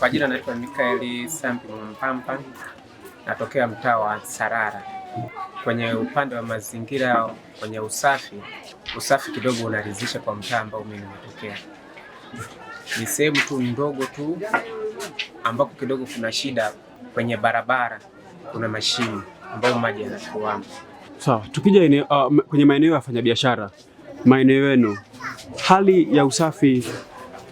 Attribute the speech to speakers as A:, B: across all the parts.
A: Kwa jina naitwa Mikaeli Sambi Mpampa, natokea mtaa wa Sarara. Kwenye upande wa mazingira, kwenye usafi, usafi kidogo unaridhisha kwa mtaa ambao mimi nimetokea. Ni sehemu tu ndogo tu ambako kidogo kuna shida kwenye barabara, kuna mashimo ambayo maji yanatuama.
B: Sawa, tukija eneo, uh, kwenye maeneo ya wafanyabiashara, maeneo yenu hali ya usafi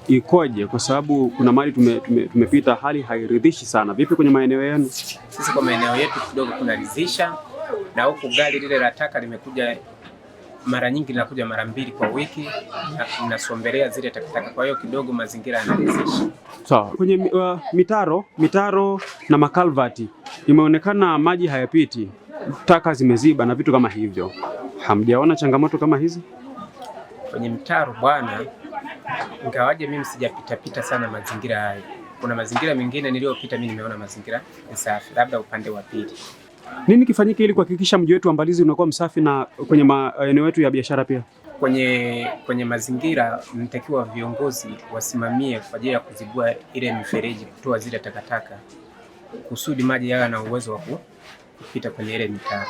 B: ikoje? Kwa sababu kuna mali tumepita tume, tume hali hairidhishi sana. Vipi kwenye maeneo yenu?
A: Sisi kwa maeneo yetu kidogo kunaridhisha, na huku gari lile la taka limekuja mara nyingi linakuja mara mbili kwa wiki na zile takataka, kwa hiyo kidogo mazingira yanaridhisha.
B: Sawa. So, kwenye uh, mitaro mitaro na makalvati imeonekana maji hayapiti, taka zimeziba na vitu kama hivyo, hamjaona changamoto kama hizi
A: kwenye mitaro bwana? Ingawaje mimi sijapitapita sana mazingira hayo, kuna mazingira mengine niliyopita mimi nimeona mazingira ni safi, labda upande wa pili.
B: Nini kifanyike ili kuhakikisha mji wetu wa Mbalizi unakuwa msafi na kwenye maeneo yetu ya biashara pia?
A: Kwenye kwenye mazingira mtakiwa viongozi wasimamie kwa ajili ya kuzibua ile mifereji, kutoa zile takataka kusudi maji yawe na uwezo wa kupita kwenye ile mitaa.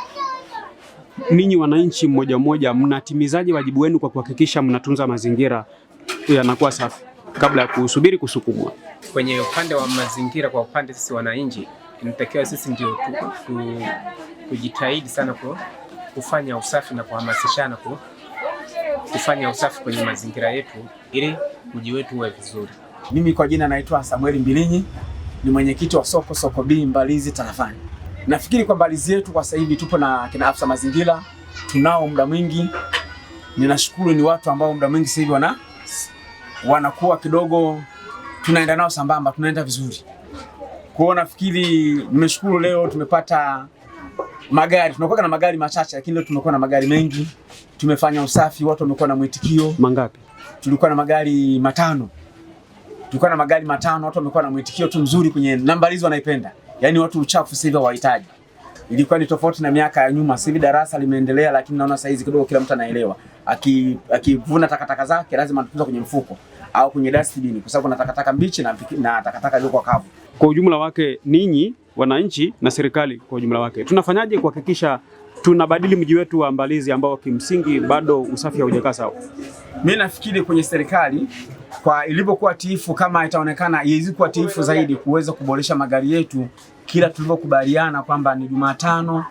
B: Ninyi wananchi mmoja mmoja, mnatimizaje wajibu wenu kwa kuhakikisha mnatunza mazingira yanakuwa safi kabla ya kusubiri kusukumwa.
A: Kwenye upande wa mazingira, kwa upande sisi wananchi, inatakiwa sisi ndio kujitahidi sana kufanya usafi na kuhamasishana kufanya usafi kwenye mazingira yetu ili mji wetu uwe vizuri.
C: Mimi kwa jina naitwa Samueli Mbilinyi, ni mwenyekiti wa soko soko B Mbalizi tarafani. Nafikiri kwa Mbalizi yetu kwa sasa hivi tupo na kina afisa mazingira, tunao muda mwingi. Ninashukuru ni watu ambao muda mwingi sasa hivi wana wanakuwa kidogo tunaenda nao sambamba, tunaenda vizuri. Kwa hiyo nafikiri nimeshukuru leo tumepata magari, tunakuwa na magari machache, lakini leo tumekuwa na magari mengi, tumefanya usafi, watu wamekuwa na mwitikio. Mangapi? Tulikuwa na magari matano, tulikuwa na magari matano, watu wamekuwa na mwitikio tu mzuri kwenye nambari hizo, wanaipenda yaani watu uchafu sasa hivi hawahitaji. Ilikuwa ni tofauti na miaka ya nyuma. Sivi darasa limeendelea, lakini naona saizi kidogo kila mtu anaelewa, akivuna aki takataka zake lazima atutunza kwenye mfuko au kwenye dustbin, kwa sababu kuna takataka mbichi na, na takataka kwa kavu.
B: Kwa ujumla wake, ninyi wananchi na serikali kwa ujumla wake, tunafanyaje kuhakikisha tunabadili mji wetu wa Mbalizi ambao kimsingi bado usafi haujakaa sawa?
C: Mimi nafikiri kwenye serikali kwa ilivyokuwa tiifu, kama itaonekana ilikuwa tiifu zaidi kuweza kuboresha magari yetu, kila tulivyokubaliana kwamba ni Jumatano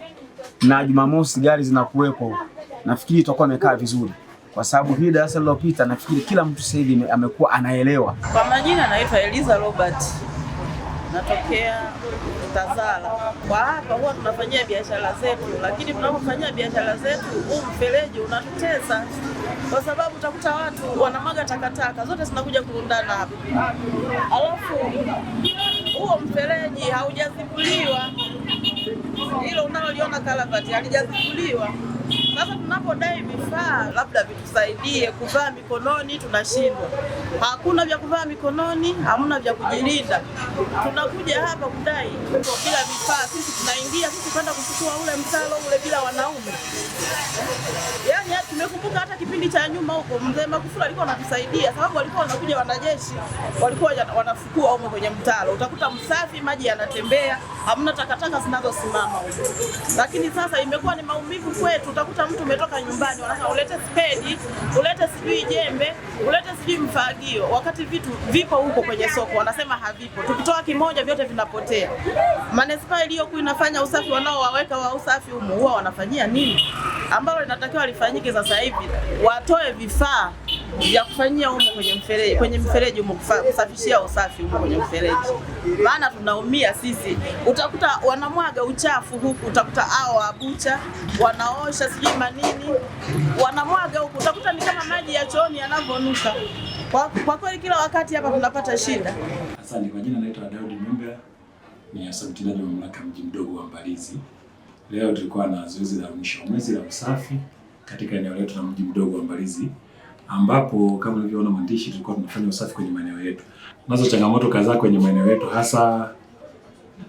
C: na Jumamosi gari zinakuwepo, nafikiri itakuwa imekaa vizuri kwa sababu hii darasa lilopita nafikiri kila mtu sasa hivi amekuwa anaelewa.
D: Kwa majina anaitwa Eliza Robert, natokea Tazara. Kwa hapa huwa tunafanyia biashara zetu, lakini tunapofanyia biashara zetu huu mfereji unatutesa, kwa sababu utakuta watu wanamwaga takataka zote zinakuja kurundana hapa, alafu huo mfereji haujazibuliwa. Hilo unaloliona karavati halijazibuliwa sasa tunapodai vifaa labda vitusaidie kuvaa mikononi, tunashindwa. Hakuna vya kuvaa mikononi, hamna vya kujilinda. Tunakuja hapa kudai bila vifaa, sisi tunaingia sisi kwenda kuchukua ule mtalo ule bila wanaume. Yaani, yaani tumekumbuka hata kipindi cha nyuma huko mzee Magufuli alikuwa anatusaidia, sababu walikuwa wanakuja wanajeshi, walikuwa wanafukua ume kwenye mtalo, utakuta msafi, maji yanatembea hamna takataka zinazosimama huko, lakini sasa imekuwa ni maumivu kwetu. Utakuta mtu umetoka nyumbani, wanataka ulete spedi, ulete sijui jembe, ulete sijui mfagio, wakati vitu vipo huko kwenye soko, wanasema havipo. Tukitoa kimoja, vyote vinapotea. Manispaa iliyokuwa inafanya usafi, wanaowaweka wa usafi humu huwa wanafanyia nini? Ambalo linatakiwa lifanyike sasa hivi, watoe vifaa vya kufanyia humo kwenye mfereji, kwenye mfereji humo kusafishia usafi humo kwenye mfereji, maana tunaumia sisi. Utakuta wanamwaga uchafu huku, utakuta hao wabucha wanaosha sijui manini wanamwaga huku, utakuta ni kama maji ya chooni yanavyonuka. Kwa, kwa kweli kila wakati hapa tunapata shida.
C: Asante. Kwa jina naitwa Daudi Mwimbe, ni afisa mtendaji wa mamlaka mji mdogo wa Mbalizi. Leo tulikuwa na zoezi la mwisho mwezi la usafi katika eneo letu la mji mdogo wa Mbalizi ambapo kama ulivyoona mwandishi, tulikuwa tunafanya usafi kwenye maeneo yetu. Nazo changamoto kadhaa kwenye maeneo yetu, hasa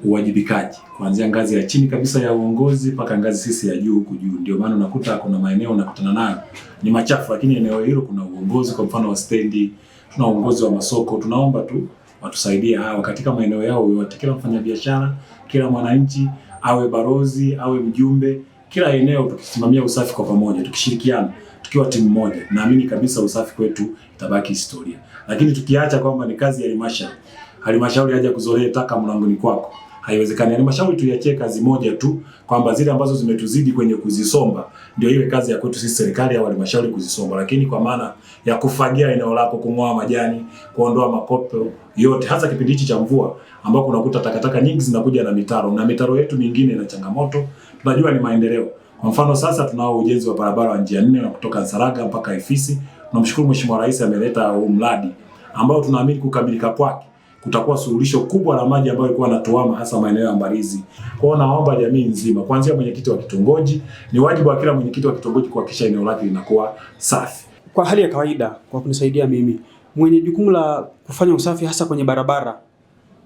C: uwajibikaji, kuanzia ngazi ya chini kabisa ya uongozi mpaka ngazi sisi ya juu huku juu. Ndio maana unakuta kuna maeneo unakutana nayo ni machafu, lakini eneo hilo kuna uongozi, kwa mfano wa stendi, tuna uongozi wa masoko. Tunaomba tu watusaidie hawa katika maeneo yao yote, kila mfanyabiashara, kila mwananchi awe barozi, awe mjumbe, kila eneo, tukisimamia usafi kwa pamoja, tukishirikiana tukiwa timu moja, naamini kabisa usafi kwetu itabaki historia. Lakini tukiacha kwamba ni kazi ya halmashauri, halmashauri haja kuzolee taka mlangoni kwako, haiwezekani. Halmashauri tuiachie kazi moja tu, kwamba zile ambazo zimetuzidi kwenye kuzisomba ndio iwe kazi ya kwetu sisi serikali au halmashauri kuzisomba, lakini kwa maana ya kufagia eneo lako, kung'oa majani, kuondoa makopo yote, hasa kipindi hichi cha mvua ambako unakuta takataka nyingi zinakuja na mitaro, na mitaro yetu mingine ina changamoto. Tunajua ni maendeleo kwa mfano sasa tunao ujenzi wa barabara wa njia nne na kutoka Nsalaga mpaka Ifisi. Tunamshukuru Mheshimiwa Rais ameleta huu mradi ambao tunaamini kukamilika kwake kutakuwa suluhisho kubwa la maji ambayo ilikuwa yanatuama hasa maeneo ya Mbalizi. Kwa hiyo naomba jamii nzima kuanzia mwenyekiti wa kitongoji, ni wajibu wa kila mwenyekiti wa kitongoji kuhakikisha eneo lake linakuwa safi.
B: Kwa hali ya kawaida, kwa kunisaidia mimi mwenye jukumu la kufanya usafi hasa kwenye barabara,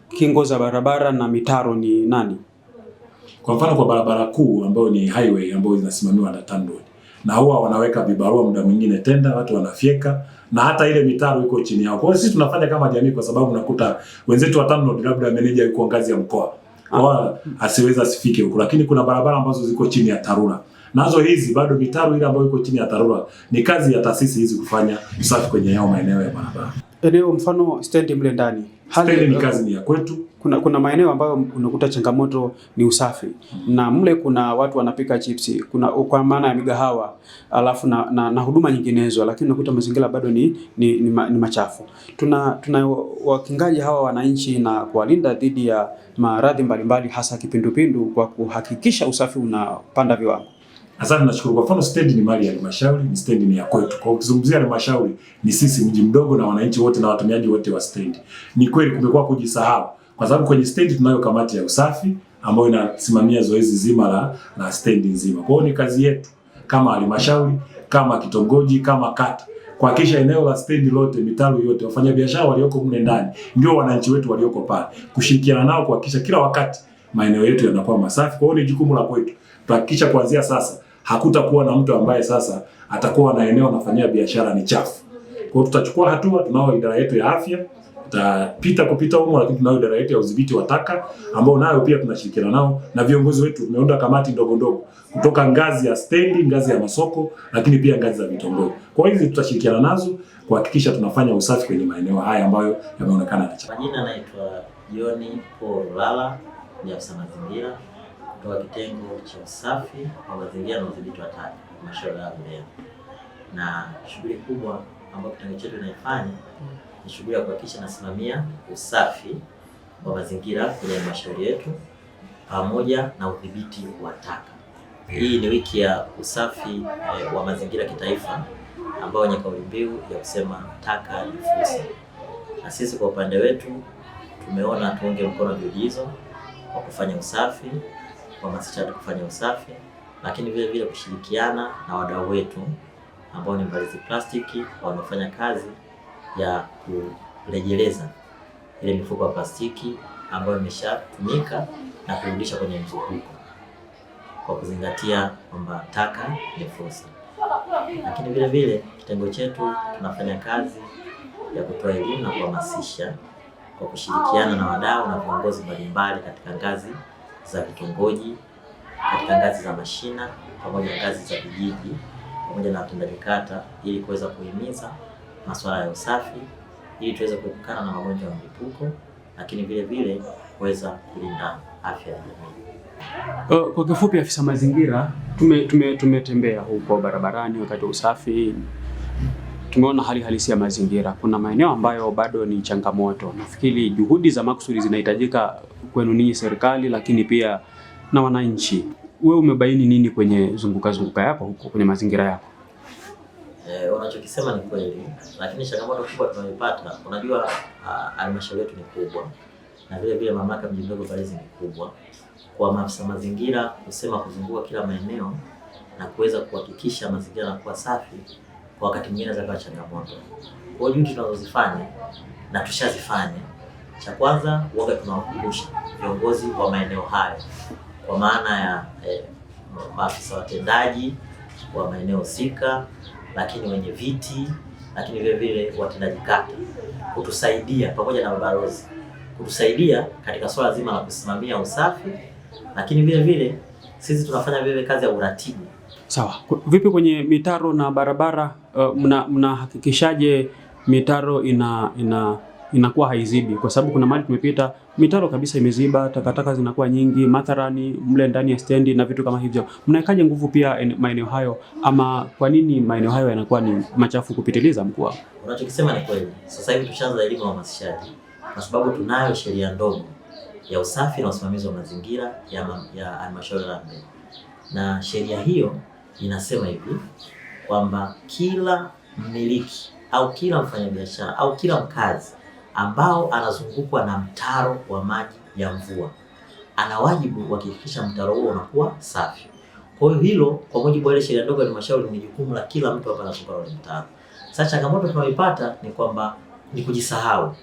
B: kingo za barabara na mitaro ni nani?
C: Kwa mfano kwa barabara kuu ambayo ni highway ambayo inasimamiwa na TANROADS na huwa wanaweka vibarua muda mwingine tenda, watu wanafyeka na hata ile mitaro iko chini yao. Kwa hiyo sisi tunafanya kama jamii, kwa sababu nakuta wenzetu wa TANROADS labda meneja yuko ngazi ya mkoa kwa ah. asiweza sifike huko, lakini kuna barabara ambazo ziko chini ya TARURA nazo hizi bado mitaro ile ambayo iko chini ya TARURA ni kazi ya taasisi hizi kufanya usafi kwenye yao maeneo ya barabara
B: eneo mfano stendi mle ndani.
C: Hali ni kazi ya kwetu.
B: Kuna, kuna maeneo ambayo unakuta changamoto ni usafi hmm. na mle kuna watu wanapika chipsi, kuna kwa maana ya migahawa alafu na, na, na huduma nyinginezo, lakini unakuta mazingira bado ni, ni, ni, ma, ni machafu. Tuna, tuna wakingaji hawa wananchi na kuwalinda dhidi ya maradhi mbalimbali hasa kipindupindu kwa kuhakikisha usafi unapanda viwango.
C: Asante, nashukuru. Kwa mfano stendi ni mali ya halmashauri, ni stendi ni ya kwetu. Kwa ukizungumzia halmashauri ni sisi, mji mdogo na wananchi wote na watumiaji wote wa stendi. Ni kweli kumekuwa kujisahau, kwa sababu kwenye stendi tunayo kamati ya usafi ambayo inasimamia zoezi zima la, la stendi nzima. Kwa hiyo ni kazi yetu kama halmashauri, kama kitongoji, kama kata kuhakikisha eneo la stendi lote, mitaro yote, wafanyabiashara walioko mle ndani, ndio wananchi wetu walioko pale, kushirikiana nao kuhakikisha kila wakati maeneo yetu yanakuwa masafi. Kwa hiyo ni jukumu la kwetu kuhakikisha kuanzia sasa hakutakuwa na mtu ambaye sasa atakuwa na eneo anafanyia biashara ni chafu. Kwa hiyo tutachukua hatua, tunao idara yetu ya afya tutapita kupita humo, lakini tunao idara yetu ya udhibiti wa taka ambao nayo pia tunashirikiana nao na viongozi wetu. Tumeunda kamati ndogo ndogo kutoka ngazi ya stendi, ngazi ya masoko, lakini pia ngazi za vitongoji. Kwa hizi tutashirikiana nazo kuhakikisha tunafanya usafi kwenye maeneo haya ambayo yameonekana na
A: chafu. Jina naitwa John Paul Lala, ni afisa mazingira kutoka kitengo cha usafi wa mazingira na udhibiti wa taka halmashauri ya Mbeya, na shughuli kubwa ambayo kitengo chetu inaifanya ni shughuli ya kuhakikisha nasimamia usafi wa mazingira kwenye halmashauri yetu pamoja na udhibiti wa taka. Hii ni wiki ya usafi eh, wa mazingira kitaifa ambayo wenye kauli mbiu ya kusema taka ni fursa, na sisi kwa upande wetu tumeona tuunge mkono juhudi hizo kwa kufanya usafi kuhamasisha watu kufanya usafi, lakini vile vile kushirikiana na wadau wetu ambao ni Mbalizi Plastiki wanaofanya kazi ya kurejeleza ile mifuko ya plastiki ambayo imeshatumika na kurudisha kwenye mzunguko kwa kuzingatia kwamba taka ni fursa. Lakini vile vile kitengo chetu tunafanya kazi ya kutoa elimu na kuhamasisha kwa kushirikiana na wadau na viongozi mbalimbali katika ngazi za vitongoji katika ngazi za mashina pamoja na ngazi za vijiji pamoja na watendaji kata ili kuweza kuhimiza masuala ya usafi ili tuweze kuepukana na magonjwa ya mlipuko, lakini vile vile kuweza kulinda afya ya jamii.
B: Kwa kifupi, afisa mazingira, tumetembea tume, tume huko barabarani wakati wa usafi tumeona hali halisi ya mazingira. Kuna maeneo ambayo bado ni changamoto. Nafikiri juhudi za makusudi zinahitajika kwenu ninyi serikali, lakini pia na wananchi. Wewe umebaini nini kwenye zunguka zunguka yako huko kwenye mazingira yako?
A: Eh, unachokisema ni kweli, lakini changamoto kubwa tunayoipata, unajua ah, halmashauri yetu ni kubwa na vile vile mamlaka mji mdogo Mbalizi ni kubwa, kwa maafisa mazingira kusema kuzunguka kila maeneo na kuweza kuhakikisha mazingira yanakuwa safi kwa wakati mwingine zakawa changamoto. Kwa hiyo tunazozifanya na tushazifanya, cha kwanza waga tunawakumbusha viongozi wa maeneo hayo kwa maana ya eh, maafisa watendaji wa maeneo husika, lakini wenye viti, lakini vile vile watendaji kata kutusaidia pamoja na mabalozi kutusaidia katika swala zima la kusimamia usafi, lakini vile vile sisi tunafanya vile kazi ya uratibu
B: Sawa. Vipi kwenye mitaro na barabara uh, mnahakikishaje mna mitaro ina ina inakuwa haizibi? Kwa sababu kuna mahali tumepita mitaro kabisa imeziba, takataka zinakuwa nyingi matharani mle ndani ya stendi na vitu kama hivyo. Mnawekaje nguvu pia maeneo hayo, ama kwa nini maeneo hayo yanakuwa ni machafu kupitiliza? Mkuu,
A: unachokisema ni kweli. Sasa hivi tushaanza elimu ya uhamasishaji, kwa sababu tunayo sheria ndogo ya usafi na usimamizi wa mazingira ya halmashauri ya na sheria hiyo inasema hivi kwamba kila mmiliki au kila mfanyabiashara au kila mkazi ambao anazungukwa na mtaro wa maji ya mvua ana wajibu wa kuhakikisha mtaro huo unakuwa safi. Kwa hiyo hilo, kwa mujibu wa ile sheria ndogo ya halmashauri, ni jukumu la kila mtu hapa anazunguka ule mtaro. Sasa changamoto tunayoipata ni kwamba ni kujisahau.